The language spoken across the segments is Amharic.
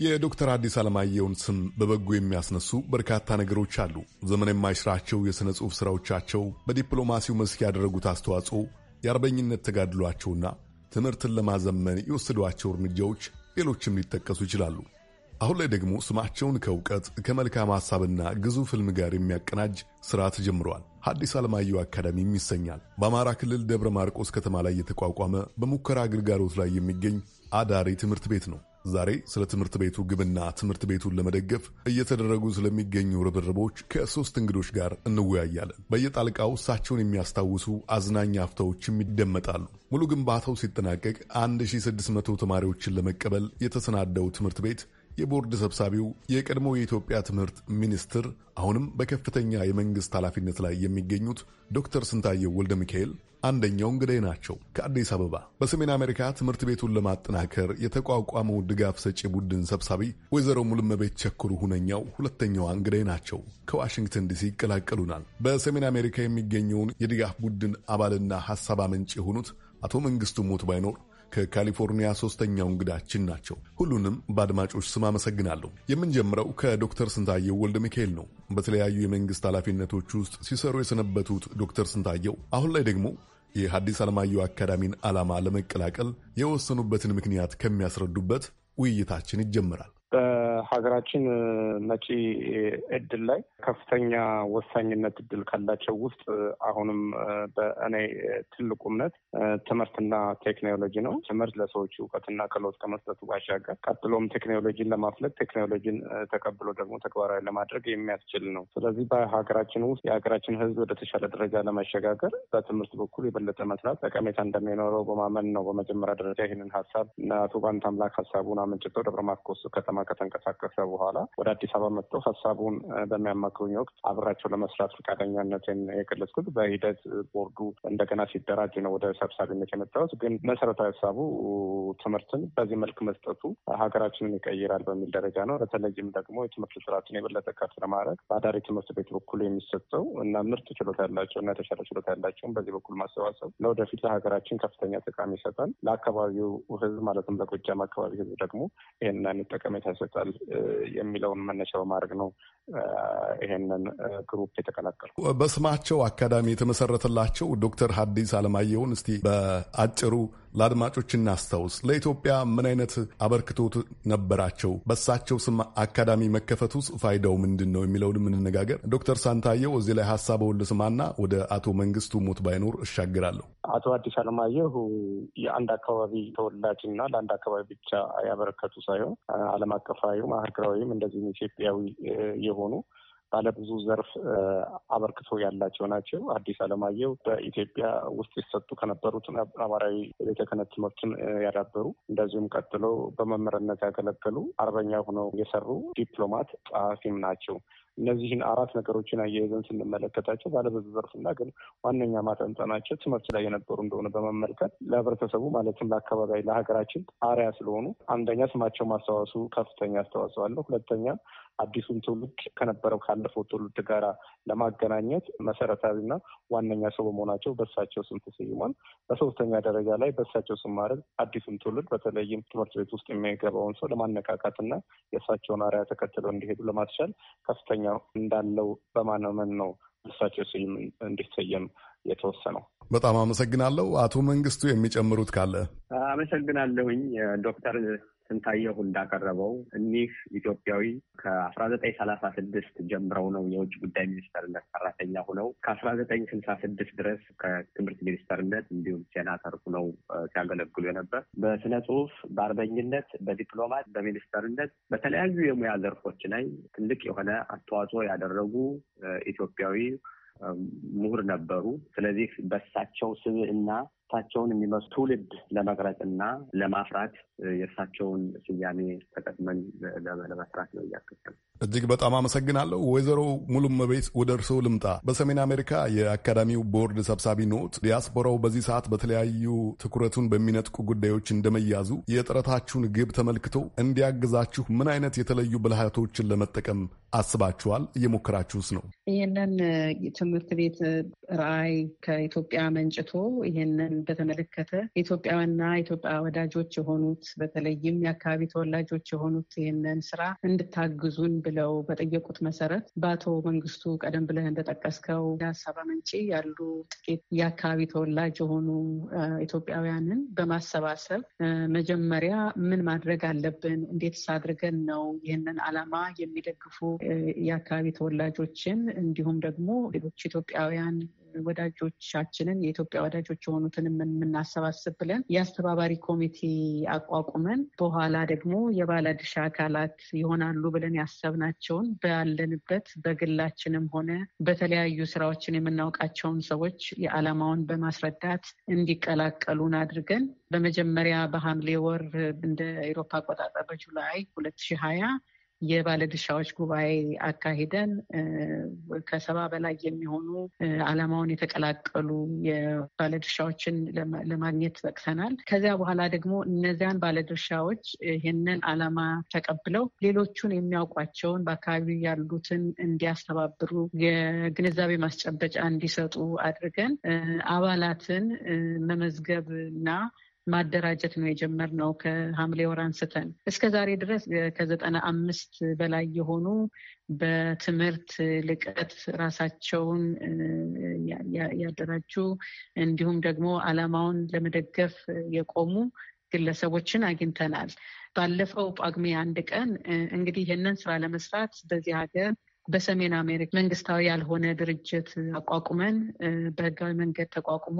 የዶክተር አዲስ አለማየሁን ስም በበጎ የሚያስነሱ በርካታ ነገሮች አሉ። ዘመን የማይሽራቸው የሥነ ጽሑፍ ሥራዎቻቸው፣ በዲፕሎማሲው መስክ ያደረጉት አስተዋጽኦ፣ የአርበኝነት ተጋድሏቸውና ትምህርትን ለማዘመን የወሰዷቸው እርምጃዎች ሌሎችም ሊጠቀሱ ይችላሉ። አሁን ላይ ደግሞ ስማቸውን ከእውቀት ከመልካም ሐሳብና ግዙፍ ሕልም ጋር የሚያቀናጅ ሥራ ተጀምረዋል። ሐዲስ አለማየሁ አካዳሚም ይሰኛል። በአማራ ክልል ደብረ ማርቆስ ከተማ ላይ የተቋቋመ በሙከራ አገልጋሎት ላይ የሚገኝ አዳሪ ትምህርት ቤት ነው። ዛሬ ስለ ትምህርት ቤቱ ግብና ትምህርት ቤቱን ለመደገፍ እየተደረጉ ስለሚገኙ ርብርቦች ከሶስት እንግዶች ጋር እንወያያለን። በየጣልቃው እሳቸውን የሚያስታውሱ አዝናኝ አፍታዎችም ይደመጣሉ። ሙሉ ግንባታው ሲጠናቀቅ 1600 ተማሪዎችን ለመቀበል የተሰናደው ትምህርት ቤት የቦርድ ሰብሳቢው የቀድሞ የኢትዮጵያ ትምህርት ሚኒስትር አሁንም በከፍተኛ የመንግሥት ኃላፊነት ላይ የሚገኙት ዶክተር ስንታየው ወልደ ሚካኤል አንደኛው እንግዳይ ናቸው። ከአዲስ አበባ በሰሜን አሜሪካ ትምህርት ቤቱን ለማጠናከር የተቋቋመው ድጋፍ ሰጪ ቡድን ሰብሳቢ ወይዘሮ ሙልመቤት ቸኩሩ ሁነኛው ሁለተኛዋ እንግዳይ ናቸው። ከዋሽንግተን ዲሲ ይቀላቀሉናል። በሰሜን አሜሪካ የሚገኘውን የድጋፍ ቡድን አባልና ሐሳብ አመንጭ የሆኑት አቶ መንግስቱ ሞት ባይኖር ከካሊፎርኒያ ሶስተኛው እንግዳችን ናቸው። ሁሉንም በአድማጮች ስም አመሰግናለሁ። የምንጀምረው ከዶክተር ስንታየው ወልደ ሚካኤል ነው። በተለያዩ የመንግስት ኃላፊነቶች ውስጥ ሲሰሩ የሰነበቱት ዶክተር ስንታየው አሁን ላይ ደግሞ የሐዲስ ዓለማየሁ አካዳሚን ዓላማ ለመቀላቀል የወሰኑበትን ምክንያት ከሚያስረዱበት ውይይታችን ይጀምራል። በሀገራችን መጪ እድል ላይ ከፍተኛ ወሳኝነት እድል ካላቸው ውስጥ አሁንም በእኔ ትልቁ እምነት ትምህርትና ቴክኖሎጂ ነው። ትምህርት ለሰዎች እውቀትና ክህሎት ከመስጠቱ ባሻገር ቀጥሎም ቴክኖሎጂን ለማፍለግ ቴክኖሎጂን ተቀብሎ ደግሞ ተግባራዊ ለማድረግ የሚያስችል ነው። ስለዚህ በሀገራችን ውስጥ የሀገራችን ሕዝብ ወደ ተሻለ ደረጃ ለማሸጋገር በትምህርት በኩል የበለጠ መስራት ጠቀሜታ እንደሚኖረው በማመን ነው። በመጀመሪያ ደረጃ ይህንን ሀሳብ እና አቶ አምላክ ሀሳቡን አመንጭተው ደብረ ማርቆስ ከተማ ከተማ ከተንቀሳቀሰ በኋላ ወደ አዲስ አበባ መጥተው ሀሳቡን በሚያማክሩኝ ወቅት አብራቸው ለመስራት ፈቃደኛነትን የገለጽኩት በሂደት ቦርዱ እንደገና ሲደራጅ ነው ወደ ሰብሳቢነት የመጣሁት። ግን መሰረታዊ ሀሳቡ ትምህርትን በዚህ መልክ መስጠቱ ሀገራችንን ይቀይራል በሚል ደረጃ ነው። በተለይም ደግሞ የትምህርት ጥራትን የበለጠ ከፍ ለማድረግ በአዳሪ ትምህርት ቤት በኩል የሚሰጠው እና ምርጥ ችሎታ ያላቸው እና የተሻለ ችሎታ ያላቸውን በዚህ በኩል ማሰባሰብ ለወደፊት ለሀገራችን ከፍተኛ ጠቃሚ ይሰጣል። ለአካባቢው ህዝብ ማለትም ለጎጃም አካባቢ ህዝብ ደግሞ ይህንን አይነት ጠቀሜታ ይሰጣል የሚለውን መነሻ በማድረግ ነው ይሄንን ግሩፕ የተቀላቀሉ። በስማቸው አካዳሚ የተመሰረተላቸው ዶክተር ሀዲስ አለማየሁን እስቲ በአጭሩ ለአድማጮች እናስታውስ። ለኢትዮጵያ ምን አይነት አበርክቶት ነበራቸው? በሳቸው ስም አካዳሚ መከፈት ውስጥ ፋይዳው ምንድን ነው የሚለውን የምንነጋገር። ዶክተር ሳንታየው እዚህ ላይ ሀሳብ ወል ስማና ወደ አቶ መንግስቱ ሞት ባይኖር እሻግራለሁ። አቶ አዲስ አለማየሁ የአንድ አካባቢ ተወላጅና ለአንድ አካባቢ ብቻ ያበረከቱ ሳይሆን ዓለም አቀፋዊም ሀገራዊም እንደዚህም ኢትዮጵያዊ የሆኑ ባለብዙ ዘርፍ አበርክቶ ያላቸው ናቸው። አዲስ አለማየሁ በኢትዮጵያ ውስጥ ይሰጡ ከነበሩት አማራዊ ቤተ ክህነት ትምህርትን ያዳበሩ እንደዚሁም ቀጥሎ በመምህርነት ያገለገሉ አርበኛ ሆነው የሰሩ ዲፕሎማት፣ ጸሐፊም ናቸው። እነዚህን አራት ነገሮችን አያይዘን ስንመለከታቸው ባለብዙ ዘርፍና ግን ዋነኛ ማጠንጠናቸው ትምህርት ላይ የነበሩ እንደሆነ በመመልከት ለህብረተሰቡ ማለትም ለአካባቢ ለሀገራችን አሪያ ስለሆኑ አንደኛ ስማቸው ማስተዋወሱ ከፍተኛ አስተዋጽኦ አለው። ሁለተኛ አዲሱን ትውልድ ከነበረው ካለፈው ትውልድ ጋራ ለማገናኘት መሰረታዊና ዋነኛ ሰው በመሆናቸው በሳቸው ስም ተሰይሟል። በሶስተኛ ደረጃ ላይ በሳቸው ስም ማድረግ አዲሱን ትውልድ በተለይም ትምህርት ቤት ውስጥ የሚገባውን ሰው ለማነቃቃትና የእሳቸውን አርአያ ተከትለው እንዲሄዱ ለማስቻል ከፍተኛ እንዳለው በማመን ነው እሳቸው ስም እንዲሰየም የተወሰነው። በጣም አመሰግናለሁ። አቶ መንግስቱ የሚጨምሩት ካለ? አመሰግናለሁኝ ዶክተር ስንታየሁ እንዳቀረበው እኒህ ኢትዮጵያዊ ከአስራ ዘጠኝ ሰላሳ ስድስት ጀምረው ነው የውጭ ጉዳይ ሚኒስተርነት ሰራተኛ ሁነው ከአስራ ዘጠኝ ስልሳ ስድስት ድረስ ከትምህርት ሚኒስተርነት እንዲሁም ሴናተር ሁነው ሲያገለግሉ የነበር በስነ ጽሁፍ፣ በአርበኝነት፣ በዲፕሎማት፣ በሚኒስተርነት በተለያዩ የሙያ ዘርፎች ላይ ትልቅ የሆነ አስተዋጽኦ ያደረጉ ኢትዮጵያዊ ምሁር ነበሩ። ስለዚህ በሳቸው ስብዕና እሳቸውን የሚመስ ትውልድ ለመቅረጽ እና ለማፍራት የእርሳቸውን ስያሜ ተጠቅመን ለመስራት ነው እያከተል። እጅግ በጣም አመሰግናለሁ ወይዘሮ ሙሉመቤት። ወደ እርስዎ ልምጣ። በሰሜን አሜሪካ የአካዳሚው ቦርድ ሰብሳቢ ኖት። ዲያስፖራው በዚህ ሰዓት በተለያዩ ትኩረቱን በሚነጥቁ ጉዳዮች እንደመያዙ የጥረታችሁን ግብ ተመልክቶ እንዲያግዛችሁ ምን አይነት የተለዩ ብልሃቶችን ለመጠቀም አስባችኋል? እየሞከራችሁስ ነው? ይህንን ትምህርት ቤት ራዕይ ከኢትዮጵያ መንጭቶ ይህንን በተመለከተ ኢትዮጵያውያንና ኢትዮጵያ ወዳጆች የሆኑት በተለይም የአካባቢ ተወላጆች የሆኑት ይህንን ስራ እንድታግዙን ብለው በጠየቁት መሰረት በአቶ መንግስቱ ቀደም ብለህ እንደጠቀስከው የሀሳብ አመንጪ ያሉ ጥቂት የአካባቢ ተወላጅ የሆኑ ኢትዮጵያውያንን በማሰባሰብ መጀመሪያ ምን ማድረግ አለብን፣ እንዴትስ አድርገን ነው ይህንን አላማ የሚደግፉ የአካባቢ ተወላጆችን እንዲሁም ደግሞ ሌሎች ኢትዮጵያውያን ወዳጆቻችንን የኢትዮጵያ ወዳጆች የሆኑትን የምናሰባስብ ብለን የአስተባባሪ ኮሚቴ አቋቁመን በኋላ ደግሞ የባለድርሻ አካላት ይሆናሉ ብለን ያሰብናቸውን ባለንበት በግላችንም ሆነ በተለያዩ ስራዎችን የምናውቃቸውን ሰዎች የዓላማውን በማስረዳት እንዲቀላቀሉን አድርገን በመጀመሪያ በሐምሌ ወር እንደ ኤሮፓ አቆጣጠር በጁላይ ሁለት ሺህ ሀያ የባለድርሻዎች ጉባኤ አካሂደን ከሰባ በላይ የሚሆኑ ዓላማውን የተቀላቀሉ የባለድርሻዎችን ለማግኘት በቅሰናል። ከዚያ በኋላ ደግሞ እነዚያን ባለድርሻዎች ይህንን ዓላማ ተቀብለው ሌሎቹን የሚያውቋቸውን በአካባቢው ያሉትን እንዲያስተባብሩ የግንዛቤ ማስጨበጫ እንዲሰጡ አድርገን አባላትን መመዝገብ እና ማደራጀት ነው የጀመርነው ከሐምሌ ወር አንስተን እስከ ዛሬ ድረስ ከዘጠና አምስት በላይ የሆኑ በትምህርት ልቀት ራሳቸውን ያደራጁ እንዲሁም ደግሞ ዓላማውን ለመደገፍ የቆሙ ግለሰቦችን አግኝተናል። ባለፈው ጳጉሜ አንድ ቀን እንግዲህ ይህንን ስራ ለመስራት በዚህ ሀገር በሰሜን አሜሪካ መንግስታዊ ያልሆነ ድርጅት አቋቁመን በህጋዊ መንገድ ተቋቁሞ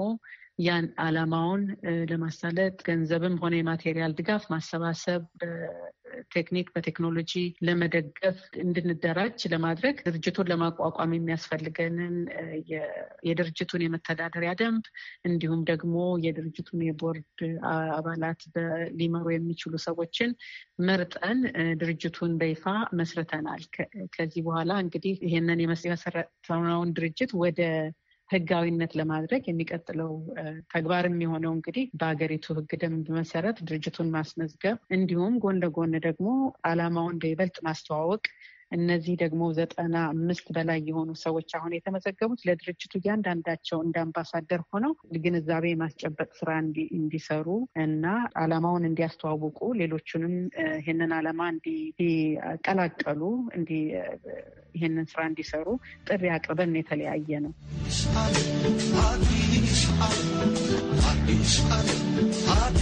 ያን አላማውን ለማሳለጥ ገንዘብም ሆነ የማቴሪያል ድጋፍ ማሰባሰብ፣ በቴክኒክ በቴክኖሎጂ ለመደገፍ እንድንደራጅ ለማድረግ ድርጅቱን ለማቋቋም የሚያስፈልገንን የድርጅቱን የመተዳደሪያ ደንብ እንዲሁም ደግሞ የድርጅቱን የቦርድ አባላት ሊመሩ የሚችሉ ሰዎችን መርጠን ድርጅቱን በይፋ መስርተናል። ከዚህ በኋላ እንግዲህ ይህንን የመሰረተውን ድርጅት ወደ ህጋዊነት ለማድረግ የሚቀጥለው ተግባር የሚሆነው እንግዲህ በሀገሪቱ ህግ ደንብ መሰረት ድርጅቱን ማስመዝገብ እንዲሁም ጎን ለጎን ደግሞ አላማውን በይበልጥ ማስተዋወቅ እነዚህ ደግሞ ዘጠና አምስት በላይ የሆኑ ሰዎች አሁን የተመዘገቡት ለድርጅቱ እያንዳንዳቸው እንደ አምባሳደር ሆነው ግንዛቤ የማስጨበጥ ስራ እንዲሰሩ እና አላማውን እንዲያስተዋውቁ ሌሎቹንም ይህንን አላማ እንዲቀላቀሉ ይህንን ስራ እንዲሰሩ ጥሪ አቅርበን የተለያየ ነው። አዲስ አበባ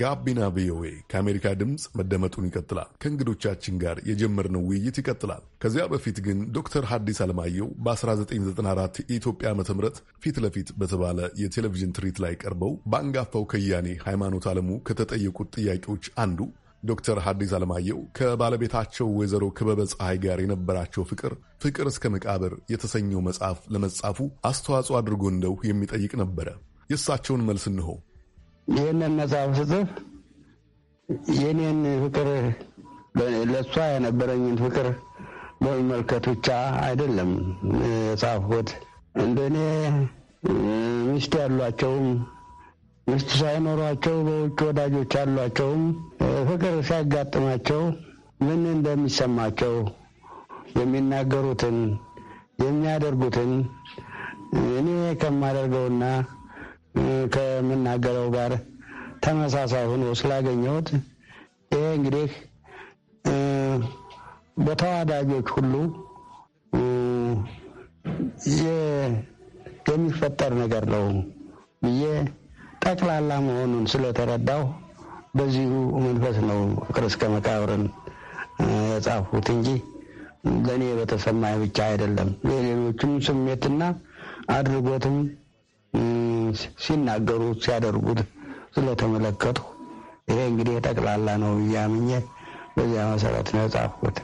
ጋቢና ቪኦኤ ከአሜሪካ ድምፅ መደመጡን ይቀጥላል። ከእንግዶቻችን ጋር የጀመርነው ውይይት ይቀጥላል። ከዚያ በፊት ግን ዶክተር ሐዲስ አለማየሁ በ1994 የኢትዮጵያ ዓመተ ምህረት ፊት ለፊት በተባለ የቴሌቪዥን ትርኢት ላይ ቀርበው በአንጋፋው ከያኔ ሃይማኖት ዓለሙ ከተጠየቁት ጥያቄዎች አንዱ ዶክተር ሐዲስ አለማየሁ ከባለቤታቸው ወይዘሮ ክበበ ፀሐይ ጋር የነበራቸው ፍቅር ፍቅር እስከ መቃብር የተሰኘው መጽሐፍ ለመጻፉ አስተዋጽኦ አድርጎ እንደው የሚጠይቅ ነበረ። የእሳቸውን መልስ እንሆ። ይህንን መጽሐፍ ስጽፍ የኔን ፍቅር ለእሷ የነበረኝን ፍቅር በመመልከት ብቻ አይደለም የጻፍኩት። እንደኔ ሚስት ያሏቸውም ሚስት ሳይኖሯቸው በውጭ ወዳጆች ያሏቸውም ፍቅር ሲያጋጥማቸው ምን እንደሚሰማቸው የሚናገሩትን የሚያደርጉትን እኔ ከማደርገውና ከምናገረው ጋር ተመሳሳይ ሆኖ ስላገኘሁት ይሄ እንግዲህ በተዋዳጆች ሁሉ የሚፈጠር ነገር ነው ብዬ ጠቅላላ መሆኑን ስለተረዳው በዚሁ መንፈስ ነው ፍቅር እስከ መቃብርን የጻፉት እንጂ ለእኔ በተሰማኝ ብቻ አይደለም። የሌሎችም ስሜትና አድርጎትም ሲናገሩት ሲያደርጉት ስለተመለከቱ ይሄ እንግዲህ የጠቅላላ ነው ብዬ አምኜ በዚያ መሰረት ነው የጻፍኩት።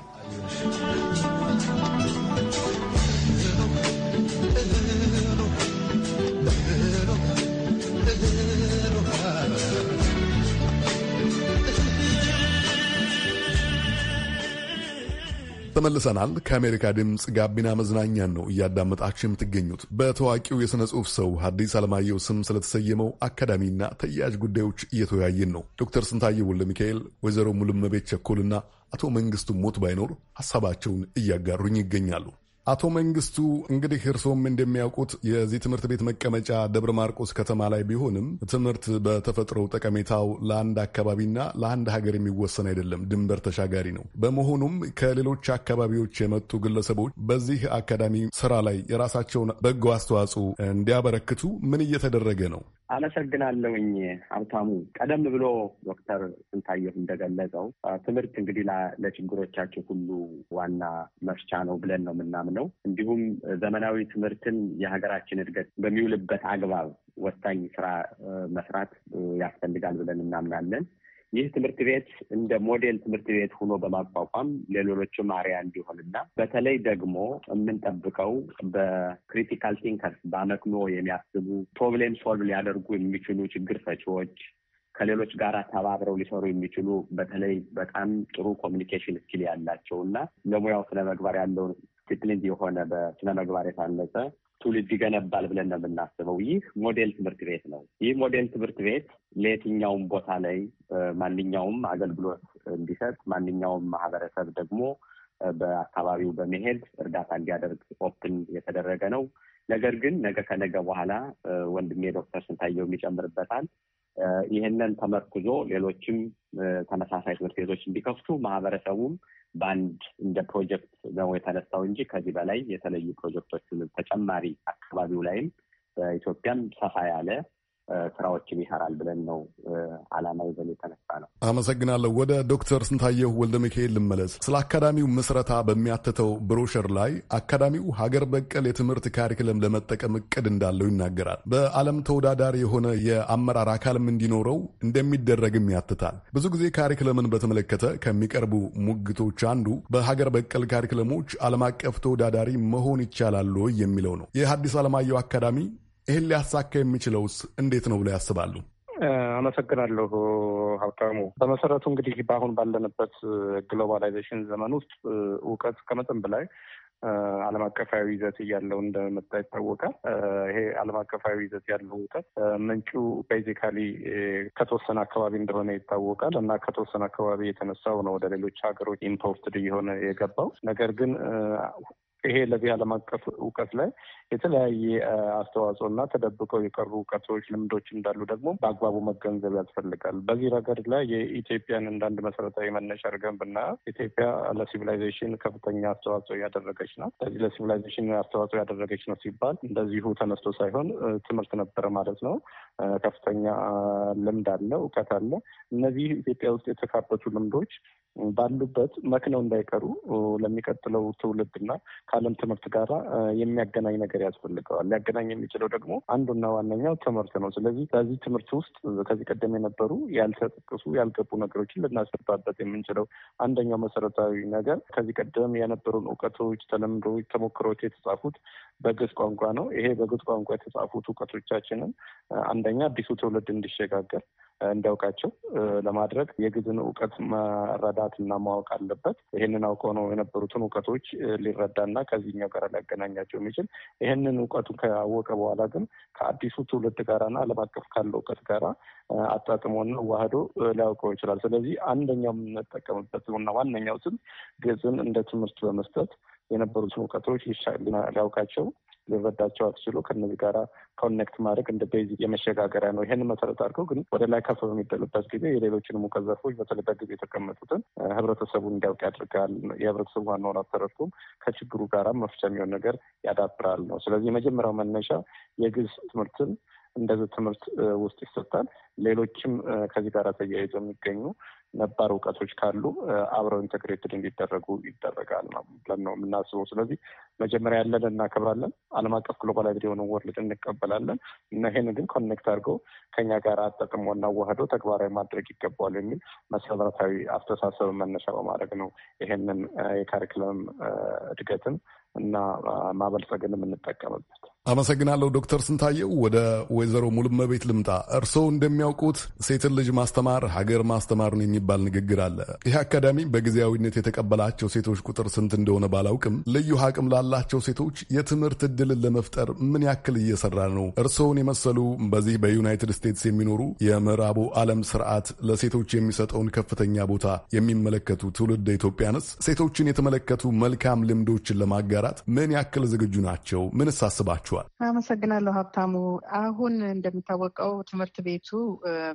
ተመልሰናል። ከአሜሪካ ድምፅ ጋቢና መዝናኛን ነው እያዳመጣችሁ የምትገኙት። በታዋቂው የሥነ ጽሑፍ ሰው ሐዲስ ዓለማየሁ ስም ስለተሰየመው አካዳሚና ተያያዥ ጉዳዮች እየተወያየን ነው። ዶክተር ስንታየ ወልደ ሚካኤል፣ ወይዘሮ ሙሉመቤት ቸኮልና አቶ መንግስቱ ሞት ባይኖር ሐሳባቸውን እያጋሩኝ ይገኛሉ። አቶ መንግስቱ እንግዲህ እርስዎም እንደሚያውቁት የዚህ ትምህርት ቤት መቀመጫ ደብረ ማርቆስ ከተማ ላይ ቢሆንም ትምህርት በተፈጥሮ ጠቀሜታው ለአንድ አካባቢና ለአንድ ሀገር የሚወሰን አይደለም፣ ድንበር ተሻጋሪ ነው። በመሆኑም ከሌሎች አካባቢዎች የመጡ ግለሰቦች በዚህ አካዳሚ ስራ ላይ የራሳቸውን በጎ አስተዋጽኦ እንዲያበረክቱ ምን እየተደረገ ነው? አመሰግናለሁኝ ሀብታሙ። ቀደም ብሎ ዶክተር ስንታየሁ እንደገለጸው ትምህርት እንግዲህ ለችግሮቻቸው ሁሉ ዋና መፍቻ ነው ብለን ነው የምናምነው። እንዲሁም ዘመናዊ ትምህርትን የሀገራችን እድገት በሚውልበት አግባብ ወሳኝ ስራ መስራት ያስፈልጋል ብለን እናምናለን። ይህ ትምህርት ቤት እንደ ሞዴል ትምህርት ቤት ሆኖ በማቋቋም ለሌሎችም አርያ እንዲሆንና በተለይ ደግሞ የምንጠብቀው በክሪቲካል ቲንከርስ በአመክኖ የሚያስቡ ፕሮብሌም ሶልቭ ሊያደርጉ የሚችሉ ችግር ፈቺዎች ከሌሎች ጋር ተባብረው ሊሰሩ የሚችሉ በተለይ በጣም ጥሩ ኮሚኒኬሽን ስኪል ያላቸው እና ለሙያው መግባር ያለውን ዲስፕሊን የሆነ በስነ መግባር የታነጸ ትውልድ ይገነባል ብለን ነው የምናስበው። ይህ ሞዴል ትምህርት ቤት ነው። ይህ ሞዴል ትምህርት ቤት ለየትኛውም ቦታ ላይ ማንኛውም አገልግሎት እንዲሰጥ ማንኛውም ማህበረሰብ ደግሞ በአካባቢው በመሄድ እርዳታ እንዲያደርግ ኦፕን የተደረገ ነው። ነገር ግን ነገ ከነገ በኋላ ወንድሜ ዶክተር ስንታየው ይጨምርበታል። ይህንን ተመርኩዞ ሌሎችም ተመሳሳይ ትምህርት ቤቶች እንዲከፍቱ ማህበረሰቡም በአንድ እንደ ፕሮጀክት ነው የተነሳው እንጂ ከዚህ በላይ የተለዩ ፕሮጀክቶችን ተጨማሪ አካባቢው ላይም በኢትዮጵያም ሰፋ ያለ ስራዎችን ይሰራል ብለን ነው አላማ ይዘን የተነሳ ነው። አመሰግናለሁ። ወደ ዶክተር ስንታየሁ ወልደ ሚካኤል ልመለስ። ስለ አካዳሚው ምስረታ በሚያትተው ብሮሸር ላይ አካዳሚው ሀገር በቀል የትምህርት ካሪክለም ለመጠቀም እቅድ እንዳለው ይናገራል። በዓለም ተወዳዳሪ የሆነ የአመራር አካልም እንዲኖረው እንደሚደረግም ያትታል። ብዙ ጊዜ ካሪክለምን በተመለከተ ከሚቀርቡ ሙግቶች አንዱ በሀገር በቀል ካሪክለሞች ዓለም አቀፍ ተወዳዳሪ መሆን ይቻላሉ የሚለው ነው። የሐዲስ ዓለማየሁ አካዳሚ ይህን ሊያሳካ የሚችለውስ እንዴት ነው ብለው ያስባሉ? አመሰግናለሁ ሀብታሙ። በመሰረቱ እንግዲህ በአሁን ባለንበት ግሎባላይዜሽን ዘመን ውስጥ እውቀት ከመጠን በላይ ዓለም አቀፋዊ ይዘት እያለው እንደመጣ ይታወቃል። ይሄ ዓለም አቀፋዊ ይዘት ያለው እውቀት ምንጩ ቤዚካሊ ከተወሰነ አካባቢ እንደሆነ ይታወቃል እና ከተወሰነ አካባቢ የተነሳው ነው ወደ ሌሎች ሀገሮች ኢምፖርትድ እየሆነ የገባው። ነገር ግን ይሄ ለዚህ ዓለም አቀፍ እውቀት ላይ የተለያየ አስተዋጽኦ እና ተደብቀው የቀሩ እውቀቶች፣ ልምዶች እንዳሉ ደግሞ በአግባቡ መገንዘብ ያስፈልጋል። በዚህ ረገድ ላይ የኢትዮጵያን እንዳንድ መሰረታዊ መነሻ አድርገን ብናያት ኢትዮጵያ ለሲቪላይዜሽን ከፍተኛ አስተዋጽኦ ያደረገች ነው። ለዚህ ለሲቪላይዜሽን አስተዋጽኦ ያደረገች ነው ሲባል እንደዚሁ ተነስቶ ሳይሆን ትምህርት ነበረ ማለት ነው። ከፍተኛ ልምድ አለ፣ እውቀት አለ። እነዚህ ኢትዮጵያ ውስጥ የተካበቱ ልምዶች ባሉበት መክነው እንዳይቀሩ ለሚቀጥለው ትውልድና ከዓለም ትምህርት ጋራ የሚያገናኝ ነገር ያስፈልገዋል። ሊያገናኝ የሚችለው ደግሞ አንዱና ዋነኛው ትምህርት ነው። ስለዚህ በዚህ ትምህርት ውስጥ ከዚህ ቀደም የነበሩ ያልተጠቀሱ ያልገቡ ነገሮችን ልናስገባበት የምንችለው አንደኛው መሰረታዊ ነገር ከዚህ ቀደም የነበሩን እውቀቶች፣ ተለምዶች፣ ተሞክሮች የተጻፉት በግዕዝ ቋንቋ ነው። ይሄ በግዕዝ ቋንቋ የተጻፉት እውቀቶቻችንን አንደኛ አዲሱ ትውልድ እንዲሸጋገር እንዲያውቃቸው ለማድረግ የግዕዝን እውቀት መረዳትና ማወቅ አለበት። ይህንን አውቀው ነው የነበሩትን እውቀቶች ሊረዳና ከዚህኛው ጋር ሊያገናኛቸው የሚችል ይህንን እውቀቱ ካወቀ በኋላ ግን ከአዲሱ ትውልድ ጋራና ዓለም አቀፍ ካለው እውቀት ጋራ አጣጥሞና ዋህዶ ሊያውቀው ይችላል። ስለዚህ አንደኛው የምንጠቀምበት እና ዋነኛው ስም ግዕዝን እንደ ትምህርት በመስጠት የነበሩትን እውቀቶች ሊያውቃቸው ልረዳቸው አልችሉ ከነዚህ ጋራ ኮኔክት ማድረግ እንደ ቤዚክ የመሸጋገሪያ ነው። ይህን መሰረት አድርገው ግን ወደ ላይ ከፍ በሚደሉበት ጊዜ የሌሎችን ሙቀት ዘርፎች በተለይ በጊዜ የተቀመጡትን ህብረተሰቡን እንዲያውቅ ያድርጋል። የህብረተሰቡ ዋናውን አተረድኩም ከችግሩ ጋራ መፍቻ የሚሆን ነገር ያዳብራል ነው። ስለዚህ የመጀመሪያው መነሻ የግዝ ትምህርትን እንደዚህ ትምህርት ውስጥ ይሰጣል። ሌሎችም ከዚህ ጋር ተያይዘው የሚገኙ ነባር እውቀቶች ካሉ አብረው ኢንተግሬትድ እንዲደረጉ ይደረጋል ነው ብለን ነው የምናስበው። ስለዚህ መጀመሪያ ያለን እናከብራለን፣ ዓለም አቀፍ ግሎባላይዝድ የሆነ ወርልድ እንቀበላለን እና ይሄንን ግን ኮኔክት አድርገው ከኛ ጋር አጠቅሞ እና ዋህዶ ተግባራዊ ማድረግ ይገባዋል የሚል መሰረታዊ አስተሳሰብ መነሻ በማድረግ ነው ይሄንን የካሪክለም እድገትን እና ማበልጸግን የምንጠቀምበት አመሰግናለሁ ዶክተር ስንታየው። ወደ ወይዘሮ ሙሉመቤት ልምጣ። እርስዎ እንደሚያውቁት ሴትን ልጅ ማስተማር ሀገር ማስተማር ነው የሚባል ንግግር አለ። ይህ አካዳሚ በጊዜያዊነት የተቀበላቸው ሴቶች ቁጥር ስንት እንደሆነ ባላውቅም ልዩ አቅም ላላቸው ሴቶች የትምህርት እድልን ለመፍጠር ምን ያክል እየሰራ ነው? እርስዎን የመሰሉ በዚህ በዩናይትድ ስቴትስ የሚኖሩ የምዕራቡ ዓለም ስርዓት ለሴቶች የሚሰጠውን ከፍተኛ ቦታ የሚመለከቱ ትውልድ ኢትዮጵያንስ ሴቶችን የተመለከቱ መልካም ልምዶችን ለማጋራት ምን ያክል ዝግጁ ናቸው? ምን ሳስባቸው ሰምታችኋል። አመሰግናለሁ ሀብታሙ። አሁን እንደሚታወቀው ትምህርት ቤቱ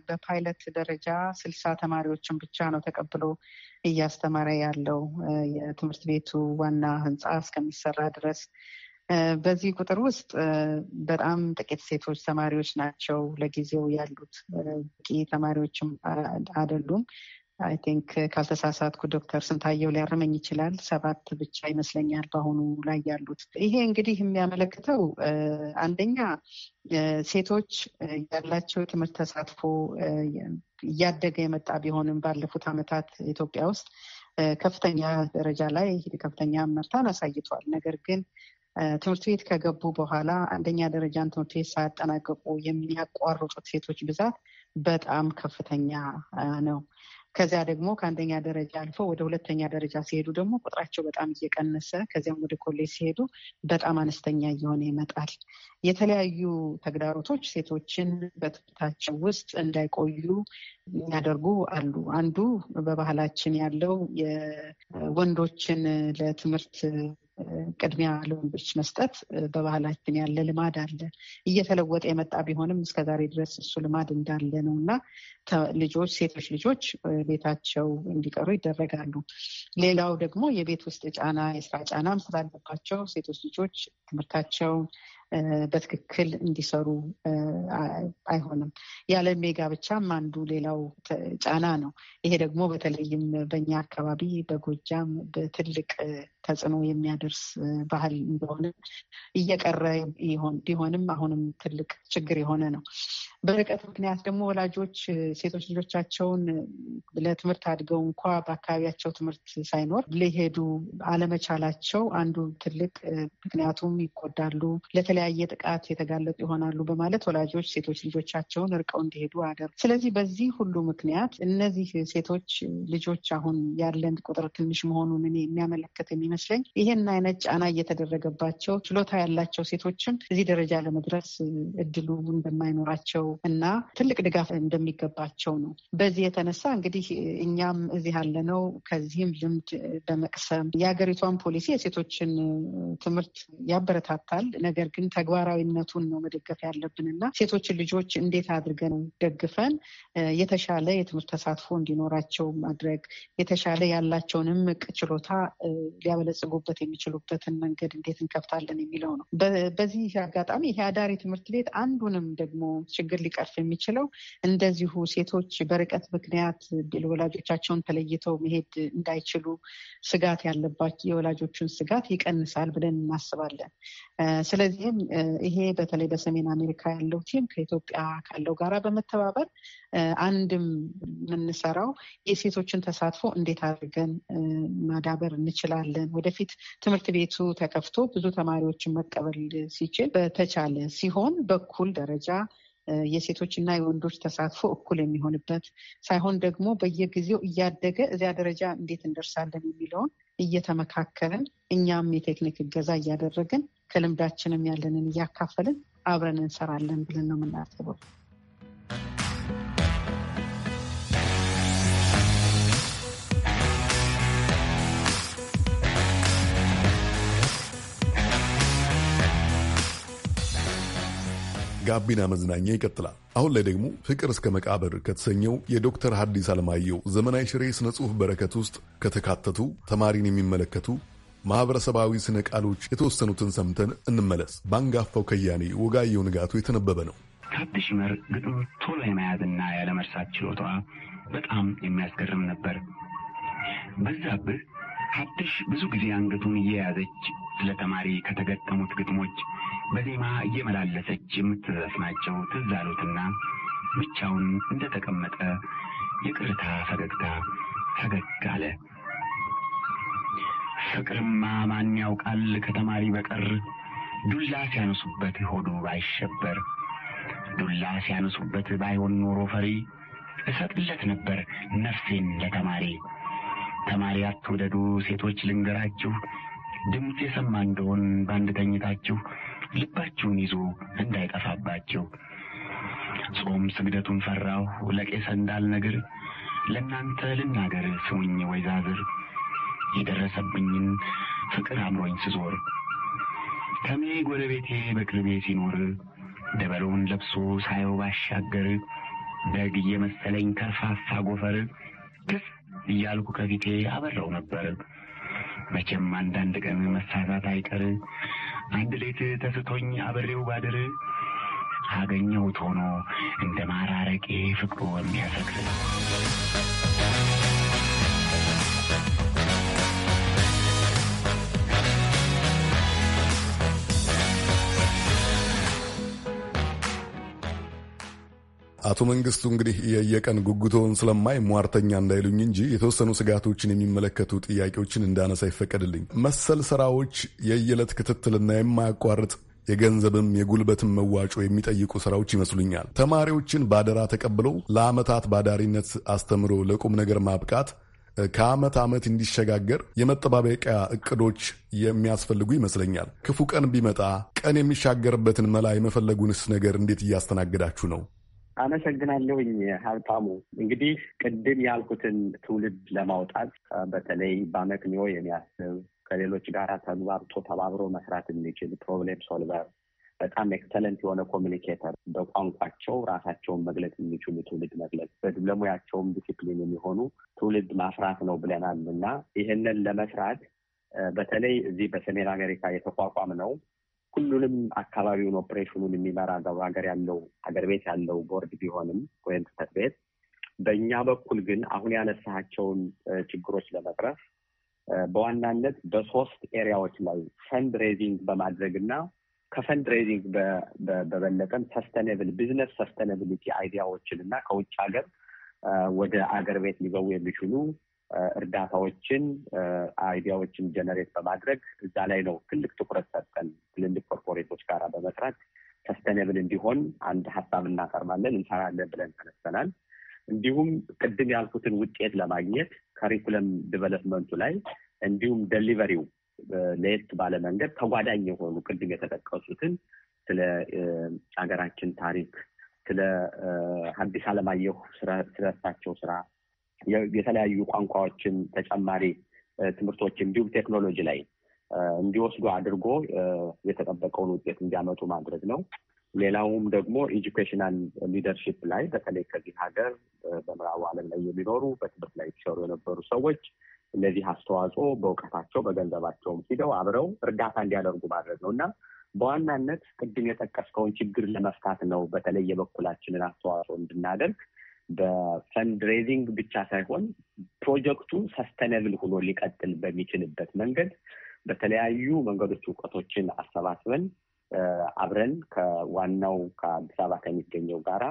በፓይለት ደረጃ ስልሳ ተማሪዎችን ብቻ ነው ተቀብሎ እያስተማረ ያለው የትምህርት ቤቱ ዋና ህንፃ እስከሚሰራ ድረስ። በዚህ ቁጥር ውስጥ በጣም ጥቂት ሴቶች ተማሪዎች ናቸው ለጊዜው ያሉት። በቂ ተማሪዎችም አይደሉም። አይ ቲንክ ካልተሳሳትኩ ዶክተር ስንታየው ሊያርመኝ ይችላል። ሰባት ብቻ ይመስለኛል በአሁኑ ላይ ያሉት። ይሄ እንግዲህ የሚያመለክተው አንደኛ ሴቶች ያላቸው የትምህርት ተሳትፎ እያደገ የመጣ ቢሆንም ባለፉት ዓመታት ኢትዮጵያ ውስጥ ከፍተኛ ደረጃ ላይ ከፍተኛ ምርታን አሳይቷል። ነገር ግን ትምህርት ቤት ከገቡ በኋላ አንደኛ ደረጃን ትምህርት ቤት ሳያጠናቀቁ የሚያቋርጡት ሴቶች ብዛት በጣም ከፍተኛ ነው። ከዚያ ደግሞ ከአንደኛ ደረጃ አልፎ ወደ ሁለተኛ ደረጃ ሲሄዱ ደግሞ ቁጥራቸው በጣም እየቀነሰ ከዚያም ወደ ኮሌጅ ሲሄዱ በጣም አነስተኛ እየሆነ ይመጣል። የተለያዩ ተግዳሮቶች ሴቶችን በትምህርታቸው ውስጥ እንዳይቆዩ የሚያደርጉ አሉ። አንዱ በባህላችን ያለው የወንዶችን ለትምህርት ቅድሚያ ለወንዶች መስጠት በባህላችን ያለ ልማድ አለ። እየተለወጠ የመጣ ቢሆንም እስከዛሬ ድረስ እሱ ልማድ እንዳለ ነው እና ልጆች ሴቶች ልጆች ቤታቸው እንዲቀሩ ይደረጋሉ። ሌላው ደግሞ የቤት ውስጥ ጫና የስራ ጫናም ስላለባቸው ሴቶች ልጆች ትምህርታቸውን በትክክል እንዲሰሩ አይሆንም። ያለ እድሜ ጋብቻም አንዱ ሌላው ጫና ነው። ይሄ ደግሞ በተለይም በኛ አካባቢ በጎጃም በትልቅ ተጽዕኖ የሚያደርስ ባህል እንደሆነ እየቀረ ቢሆንም አሁንም ትልቅ ችግር የሆነ ነው። በርቀት ምክንያት ደግሞ ወላጆች ሴቶች ልጆቻቸውን ለትምህርት አድገው እንኳ በአካባቢያቸው ትምህርት ሳይኖር ሊሄዱ አለመቻላቸው አንዱ ትልቅ ምክንያቱም ይጎዳሉ፣ ለተለያየ ጥቃት የተጋለጡ ይሆናሉ በማለት ወላጆች ሴቶች ልጆቻቸውን እርቀው እንዲሄዱ አደር ስለዚህ በዚህ ሁሉ ምክንያት እነዚህ ሴቶች ልጆች አሁን ያለን ቁጥር ትንሽ መሆኑን እኔ የሚያመለክት የሚመስለኝ ይህን አይነት ጫና እየተደረገባቸው ችሎታ ያላቸው ሴቶችም እዚህ ደረጃ ለመድረስ እድሉ እንደማይኖራቸው እና ትልቅ ድጋፍ እንደሚገባቸው ነው። በዚህ የተነሳ እንግዲህ እኛም እዚህ ያለነው ከዚህም ልምድ በመቅሰም የሀገሪቷን ፖሊሲ የሴቶችን ትምህርት ያበረታታል። ነገር ግን ተግባራዊነቱን ነው መደገፍ ያለብን እና ሴቶችን ልጆች እንዴት አድርገን ደግፈን የተሻለ የትምህርት ተሳትፎ እንዲኖራቸው ማድረግ የተሻለ ያላቸውን እምቅ ችሎታ ሊያበለጽጉበት የሚችሉበትን መንገድ እንዴት እንከፍታለን የሚለው ነው። በዚህ አጋጣሚ ይሄ አዳሪ ትምህርት ቤት አንዱንም ደግሞ ችግር ችግር ሊቀርፍ የሚችለው እንደዚሁ ሴቶች በርቀት ምክንያት ወላጆቻቸውን ተለይተው መሄድ እንዳይችሉ ስጋት ያለባቸው የወላጆቹን ስጋት ይቀንሳል ብለን እናስባለን። ስለዚህም ይሄ በተለይ በሰሜን አሜሪካ ያለው ቲም ከኢትዮጵያ ካለው ጋራ በመተባበር አንድም የምንሰራው የሴቶችን ተሳትፎ እንዴት አድርገን ማዳበር እንችላለን፣ ወደፊት ትምህርት ቤቱ ተከፍቶ ብዙ ተማሪዎችን መቀበል ሲችል በተቻለ ሲሆን በኩል ደረጃ የሴቶችና የወንዶች ተሳትፎ እኩል የሚሆንበት ሳይሆን ደግሞ በየጊዜው እያደገ እዚያ ደረጃ እንዴት እንደርሳለን የሚለውን እየተመካከልን እኛም የቴክኒክ እገዛ እያደረግን ከልምዳችንም ያለንን እያካፈልን አብረን እንሰራለን ብለን ነው የምናስበው። ጋቢና መዝናኛ ይቀጥላል። አሁን ላይ ደግሞ ፍቅር እስከ መቃብር ከተሰኘው የዶክተር ሐዲስ አለማየሁ ዘመናዊ ሽሬ ስነ ጽሑፍ በረከት ውስጥ ከተካተቱ ተማሪን የሚመለከቱ ማኅበረሰባዊ ስነ ቃሎች የተወሰኑትን ሰምተን እንመለስ። በአንጋፋው ከያኔ ወጋየሁ ንጋቱ የተነበበ ነው። መር ግጥም ቶሎ የመያዝና ያለመርሳት ችሎታዋ በጣም የሚያስገርም ነበር። በዛብህ ታትሽ ብዙ ጊዜ አንገቱን እየያዘች ስለ ተማሪ ከተገጠሙት ግጥሞች በዜማ እየመላለሰች የምትዘፍናቸው ትዝ አሉትና ብቻውን እንደተቀመጠ የቅርታ ፈገግታ ፈገግ አለ። ፍቅርማ ማን ያውቃል ከተማሪ በቀር ዱላ ሲያነሱበት ሆዱ ባይሸበር ዱላ ሲያነሱበት ባይሆን ኖሮ ፈሪ እሰጥለት ነበር ነፍሴን ለተማሪ። ተማሪ አትውደዱ ሴቶች ልንገራችሁ ድምፅ የሰማ እንደሆን ባንድ ተኝታችሁ ልባችሁን ይዞ እንዳይጠፋባቸው። ጾም ስግደቱን ፈራሁ፣ ለቄሰ እንዳልነግር ለእናንተ ልናገር። ስሙኝ ወይዛዝር የደረሰብኝን ፍቅር አምሮኝ ስዞር ከሜ ጎረቤቴ በቅርቤ ሲኖር ደበሎውን ለብሶ ሳየው ባሻገር ደግ የመሰለኝ ከርፋፋ ጎፈር ክስ እያልኩ ከፊቴ አበረው ነበር። መቼም አንዳንድ ቀን መሳሳት አይቀር አንድ ሌት ተስቶኝ አብሬው ባድር አገኘሁት ሆኖ እንደ ማራረቄ ፍቅሩ የሚያሰክር አቶ መንግስቱ እንግዲህ የየቀን ጉጉቶውን ስለማይ ሟርተኛ እንዳይሉኝ እንጂ የተወሰኑ ስጋቶችን የሚመለከቱ ጥያቄዎችን እንዳነሳ ይፈቀድልኝ። መሰል ስራዎች የየዕለት ክትትልና የማያቋርጥ የገንዘብም የጉልበትም መዋጮ የሚጠይቁ ስራዎች ይመስሉኛል። ተማሪዎችን ባደራ ተቀብለው ለአመታት ባዳሪነት አስተምሮ ለቁም ነገር ማብቃት ከአመት ዓመት እንዲሸጋገር የመጠባበቂያ እቅዶች የሚያስፈልጉ ይመስለኛል። ክፉ ቀን ቢመጣ ቀን የሚሻገርበትን መላ የመፈለጉንስ ነገር እንዴት እያስተናገዳችሁ ነው? አመሰግናለሁኝ ሀብታሙ። እንግዲህ ቅድም ያልኩትን ትውልድ ለማውጣት በተለይ በአመክንዮ የሚያስብ ከሌሎች ጋር ተግባብቶ ተባብሮ መስራት የሚችል ፕሮብሌም ሶልቨር በጣም ኤክሰለንት የሆነ ኮሚኒኬተር በቋንቋቸው ራሳቸውን መግለጽ የሚችሉ ትውልድ መግለጽ ለሙያቸውም ዲሲፕሊን የሚሆኑ ትውልድ ማፍራት ነው ብለናል እና ይህንን ለመስራት በተለይ እዚህ በሰሜን አሜሪካ የተቋቋም ነው ሁሉንም አካባቢውን ኦፕሬሽኑን የሚመራ ሀገር ያለው ሀገር ቤት ያለው ቦርድ ቢሆንም ወይም ጽሕፈት ቤት በእኛ በኩል ግን አሁን ያነሳቸውን ችግሮች ለመቅረፍ በዋናነት በሶስት ኤሪያዎች ላይ ፈንድ ሬዚንግ በማድረግ እና ከፈንድ ሬዚንግ በበለጠም ሰስተኔብል ቢዝነስ ሰስተኔብሊቲ አይዲያዎችን እና ከውጭ ሀገር ወደ አገር ቤት ሊገቡ የሚችሉ እርዳታዎችን፣ አይዲያዎችን ጀነሬት በማድረግ እዛ ላይ ነው ትልቅ ትኩረት ሰጠን። ትልልቅ ኮርፖሬቶች ጋር በመስራት ሰስተኔብል እንዲሆን አንድ ሀሳብ እናቀርባለን፣ እንሰራለን ብለን ተነስተናል። እንዲሁም ቅድም ያልኩትን ውጤት ለማግኘት ከሪኩለም ዲቨሎፕመንቱ ላይ እንዲሁም ደሊቨሪው ለየት ባለ መንገድ ተጓዳኝ የሆኑ ቅድም የተጠቀሱትን ስለ ሀገራችን ታሪክ ስለ ሀዲስ አለማየሁ ስለሳቸው ስራ የተለያዩ ቋንቋዎችን ተጨማሪ ትምህርቶች እንዲሁም ቴክኖሎጂ ላይ እንዲወስዱ አድርጎ የተጠበቀውን ውጤት እንዲያመጡ ማድረግ ነው። ሌላውም ደግሞ ኤጁኬሽናል ሊደርሺፕ ላይ በተለይ ከዚህ ሀገር በምዕራቡ ዓለም ላይ የሚኖሩ በትምህርት ላይ የተሰሩ የነበሩ ሰዎች እነዚህ አስተዋጽኦ በእውቀታቸው በገንዘባቸውም ሂደው አብረው እርዳታ እንዲያደርጉ ማድረግ ነው እና በዋናነት ቅድም የጠቀስከውን ችግር ለመፍታት ነው በተለይ የበኩላችንን አስተዋጽኦ እንድናደርግ በፈንድ ብቻ ሳይሆን ፕሮጀክቱ ሰስተነብል ሆኖ ሊቀጥል በሚችልበት መንገድ በተለያዩ መንገዶች እውቀቶችን አሰባስበን አብረን ከዋናው ከአዲስ አበባ ከሚገኘው ጋራ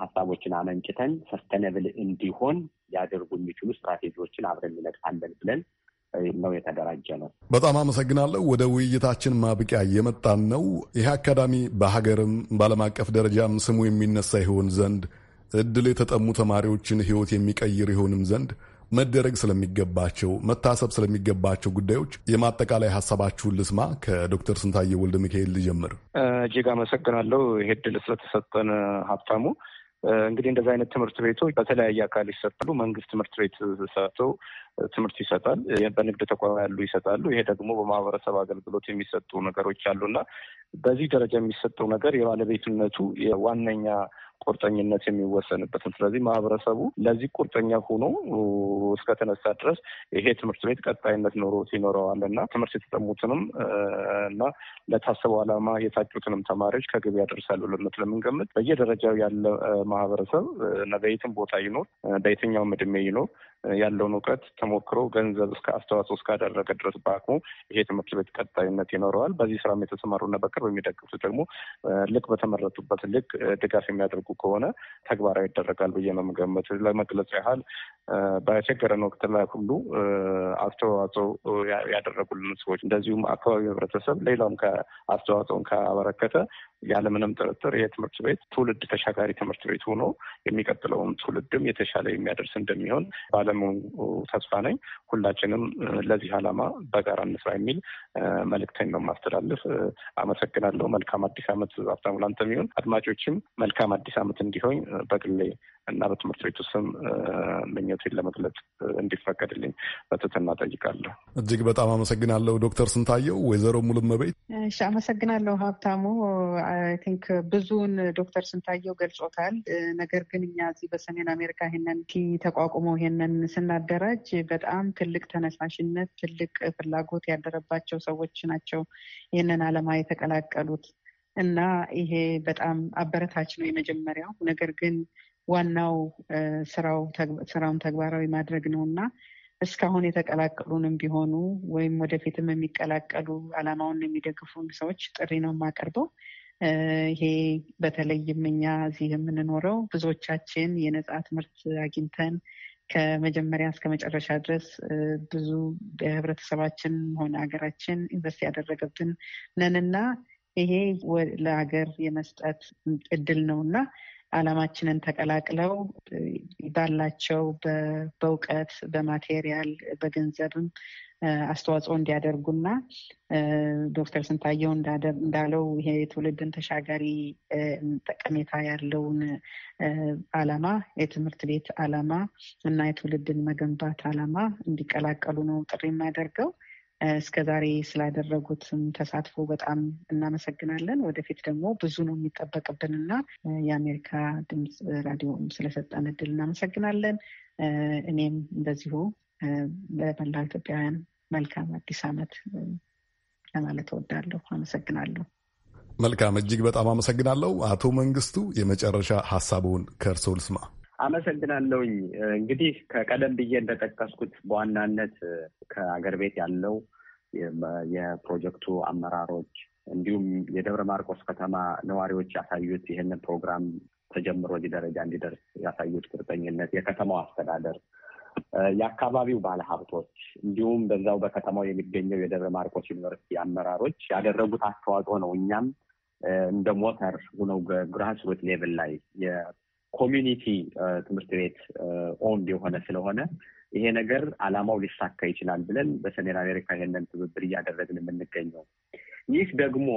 ሀሳቦችን አመንጭተን ሰስተነብል እንዲሆን ሊያደርጉ የሚችሉ ስትራቴጂዎችን አብረን እንነድፋለን ብለን ነው የተደራጀ ነው። በጣም አመሰግናለሁ። ወደ ውይይታችን ማብቂያ እየመጣን ነው። ይህ አካዳሚ በሀገርም በዓለም አቀፍ ደረጃም ስሙ የሚነሳ ይሆን ዘንድ እድል የተጠሙ ተማሪዎችን ህይወት የሚቀይር ይሆንም ዘንድ መደረግ ስለሚገባቸው መታሰብ ስለሚገባቸው ጉዳዮች የማጠቃላይ ሀሳባችሁን ልስማ። ከዶክተር ስንታየ ወልደ ሚካኤል ልጀምር። እጅግ አመሰግናለሁ ይሄ እድል ስለተሰጠን ሀብታሙ። እንግዲህ እንደዚህ አይነት ትምህርት ቤቶች በተለያየ አካል ይሰጣሉ። መንግስት ትምህርት ቤት ሰጥቶ ትምህርት ይሰጣል። በንግድ ተቋም ያሉ ይሰጣሉ። ይሄ ደግሞ በማህበረሰብ አገልግሎት የሚሰጡ ነገሮች አሉና በዚህ ደረጃ የሚሰጠው ነገር የባለቤትነቱ ዋነኛ ቁርጠኝነት የሚወሰንበትም። ስለዚህ ማህበረሰቡ ለዚህ ቁርጠኛ ሆኖ እስከተነሳ ድረስ ይሄ ትምህርት ቤት ቀጣይነት ኖሮ ይኖረዋል እና ትምህርት የተጠሙትንም እና ለታሰበው ዓላማ የታጩትንም ተማሪዎች ከግብ ያደርሳሉ ልምት ለምንገምት በየደረጃው ያለ ማህበረሰብ እና በየትም ቦታ ይኖር በየትኛውም እድሜ ይኖር ያለውን እውቀት ተሞክሮ ገንዘብ እስከ አስተዋጽኦ እስካደረገ ድረስ በአቅሙ ይሄ ትምህርት ቤት ቀጣይነት ይኖረዋል። በዚህ ስራም የተሰማሩና በቅርብ የሚደግፉት ደግሞ ልክ በተመረጡበት ልክ ድጋፍ የሚያደርጉ ከሆነ ተግባራዊ ይደረጋል ብዬ ነው የምገምት። ለመግለጽ ያህል በቸገረን ወቅት ላይ ሁሉ አስተዋጽኦ ያደረጉልን ሰዎች እንደዚሁም አካባቢ ህብረተሰብ ሌላውም አስተዋጽኦን ካበረከተ ያለምንም ጥርጥር ይሄ ትምህርት ቤት ትውልድ ተሻጋሪ ትምህርት ቤት ሆኖ የሚቀጥለውን ትውልድም የተሻለ የሚያደርስ እንደሚሆን ባለ እንደሙ ተስፋ ነኝ። ሁላችንም ለዚህ ዓላማ በጋራ እንስራ የሚል መልእክተኝ ነው ማስተላልፍ። አመሰግናለሁ። መልካም አዲስ ዓመት ሀብታሙ ላንተም ይሁን አድማጮችም መልካም አዲስ ዓመት እንዲሆኝ በግሌ እና በትምህርት ቤቱ ስም ምኞቴን ለመግለጽ እንዲፈቀድልኝ በትህትና ጠይቃለሁ። እጅግ በጣም አመሰግናለሁ ዶክተር ስንታየው። ወይዘሮ ሙሉመቤት። እሺ አመሰግናለሁ ሀብታሙ። አይ ቲንክ ብዙውን ዶክተር ስንታየው ገልጾታል። ነገር ግን እኛ እዚህ በሰሜን አሜሪካ ይሄንን ተቋቁሞ ይሄንን ስናደራጅ በጣም ትልቅ ተነሳሽነት፣ ትልቅ ፍላጎት ያደረባቸው ሰዎች ናቸው ይህንን አለማ የተቀላቀሉት እና ይሄ በጣም አበረታች ነው የመጀመሪያው ነገር ግን ዋናው ስራውን ተግባራዊ ማድረግ ነው እና እስካሁን የተቀላቀሉንም ቢሆኑ ወይም ወደፊትም የሚቀላቀሉ አላማውን የሚደግፉን ሰዎች ጥሪ ነው የማቀርበው። ይሄ በተለይም እኛ እዚህ የምንኖረው ብዙዎቻችን የነጻ ትምህርት አግኝተን ከመጀመሪያ እስከ መጨረሻ ድረስ ብዙ በህብረተሰባችን ሆነ ሀገራችን ኢንቨስት ያደረገብን እና ይሄ ለሀገር የመስጠት እድል ነው እና አላማችንን ተቀላቅለው ባላቸው በእውቀት፣ በማቴሪያል፣ በገንዘብም አስተዋጽኦ እንዲያደርጉና ዶክተር ስንታየው እንዳለው ይሄ የትውልድን ተሻጋሪ ጠቀሜታ ያለውን አላማ የትምህርት ቤት አላማ እና የትውልድን መገንባት አላማ እንዲቀላቀሉ ነው ጥሪ የሚያደርገው። እስከ ዛሬ ስላደረጉትም ተሳትፎ በጣም እናመሰግናለን። ወደፊት ደግሞ ብዙ ነው ና የአሜሪካ ድምፅ ራዲዮም ስለሰጠን እድል እናመሰግናለን። እኔም እንደዚሁ ለመላ ኢትዮጵያውያን መልካም አዲስ ዓመት ለማለት እወዳለሁ። አመሰግናለሁ። መልካም፣ እጅግ በጣም አመሰግናለሁ። አቶ መንግስቱ የመጨረሻ ሀሳቡን ከእርሶ ልስማ። አመሰግናለሁኝ። እንግዲህ ከቀደም ብዬ እንደጠቀስኩት በዋናነት ከአገር ቤት ያለው የፕሮጀክቱ አመራሮች እንዲሁም የደብረ ማርቆስ ከተማ ነዋሪዎች ያሳዩት ይህንን ፕሮግራም ተጀምሮ እዚህ ደረጃ እንዲደርስ ያሳዩት ቁርጠኝነት፣ የከተማው አስተዳደር፣ የአካባቢው ባለሀብቶች እንዲሁም በዛው በከተማው የሚገኘው የደብረ ማርቆስ ዩኒቨርሲቲ አመራሮች ያደረጉት አስተዋጽኦ ነው እኛም እንደ ሞተር ሁነው ግራስሩት ሌቭል ላይ ኮሚዩኒቲ ትምህርት ቤት ኦንድ የሆነ ስለሆነ ይሄ ነገር አላማው ሊሳካ ይችላል ብለን በሰሜን አሜሪካ ይሄንን ትብብር እያደረግን የምንገኘው። ይህ ደግሞ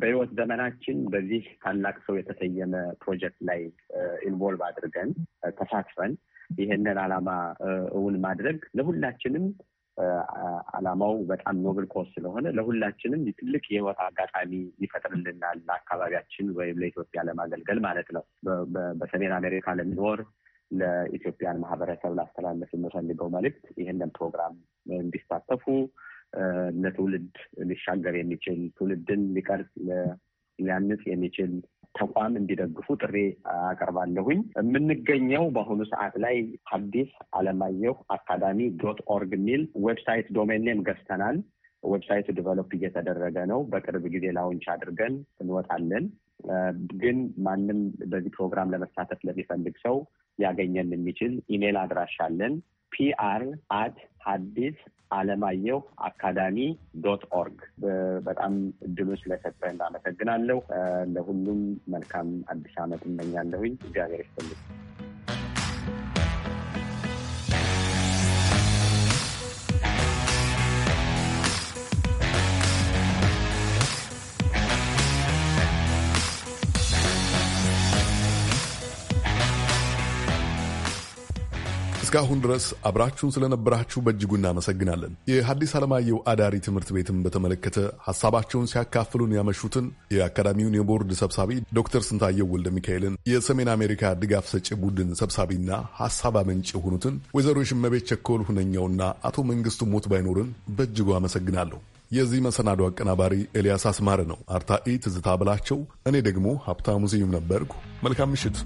በህይወት ዘመናችን በዚህ ታላቅ ሰው የተሰየመ ፕሮጀክት ላይ ኢንቮልቭ አድርገን ተሳትፈን ይህንን አላማ እውን ማድረግ ለሁላችንም አላማው በጣም ኖብል ኮስ ስለሆነ ለሁላችንም ትልቅ የህይወት አጋጣሚ ይፈጥርልናል፣ ለአካባቢያችን ወይም ለኢትዮጵያ ለማገልገል ማለት ነው። በሰሜን አሜሪካ ለሚኖር ለኢትዮጵያን ማህበረሰብ ላስተላለፍ የምፈልገው መልክት ይህንን ፕሮግራም እንዲሳተፉ ለትውልድ ሊሻገር የሚችል ትውልድን ሊቀርጽ ሊያንጽ የሚችል ተቋም እንዲደግፉ ጥሪ አቀርባለሁኝ። የምንገኘው በአሁኑ ሰዓት ላይ ሐዲስ አለማየሁ አካዳሚ ዶት ኦርግ የሚል ዌብሳይት ዶሜን ኔም ገዝተናል። ዌብሳይቱ ዲቨሎፕ እየተደረገ ነው። በቅርብ ጊዜ ላውንች አድርገን እንወጣለን። ግን ማንም በዚህ ፕሮግራም ለመሳተፍ ለሚፈልግ ሰው ሊያገኘን የሚችል ኢሜል አድራሻ አለን ፒአር አት ሀዲስ አለማየሁ አካዳሚ ዶት ኦርግ። በጣም እድሉ ስለሰጠህ እንዳመሰግናለሁ። ለሁሉም መልካም አዲስ ዓመት እመኛለሁኝ። እግዚአብሔር ይስጥልኝ። እስካሁን ድረስ አብራችሁን ስለነበራችሁ በእጅጉ እናመሰግናለን። የሐዲስ ዓለማየሁ አዳሪ ትምህርት ቤትን በተመለከተ ሀሳባቸውን ሲያካፍሉን ያመሹትን የአካዳሚውን የቦርድ ሰብሳቢ ዶክተር ስንታየው ወልደ ሚካኤልን፣ የሰሜን አሜሪካ ድጋፍ ሰጪ ቡድን ሰብሳቢና ሐሳብ አመንጭ የሆኑትን ወይዘሮ የሽመቤት ቸኮል ሁነኛውና አቶ መንግስቱ ሞት ባይኖርን በእጅጉ አመሰግናለሁ። የዚህ መሰናዶ አቀናባሪ ኤልያስ አስማረ ነው። አርታኢ ትዝታ ብላቸው፣ እኔ ደግሞ ሀብታሙ ስዩም ነበርኩ። መልካም ምሽት።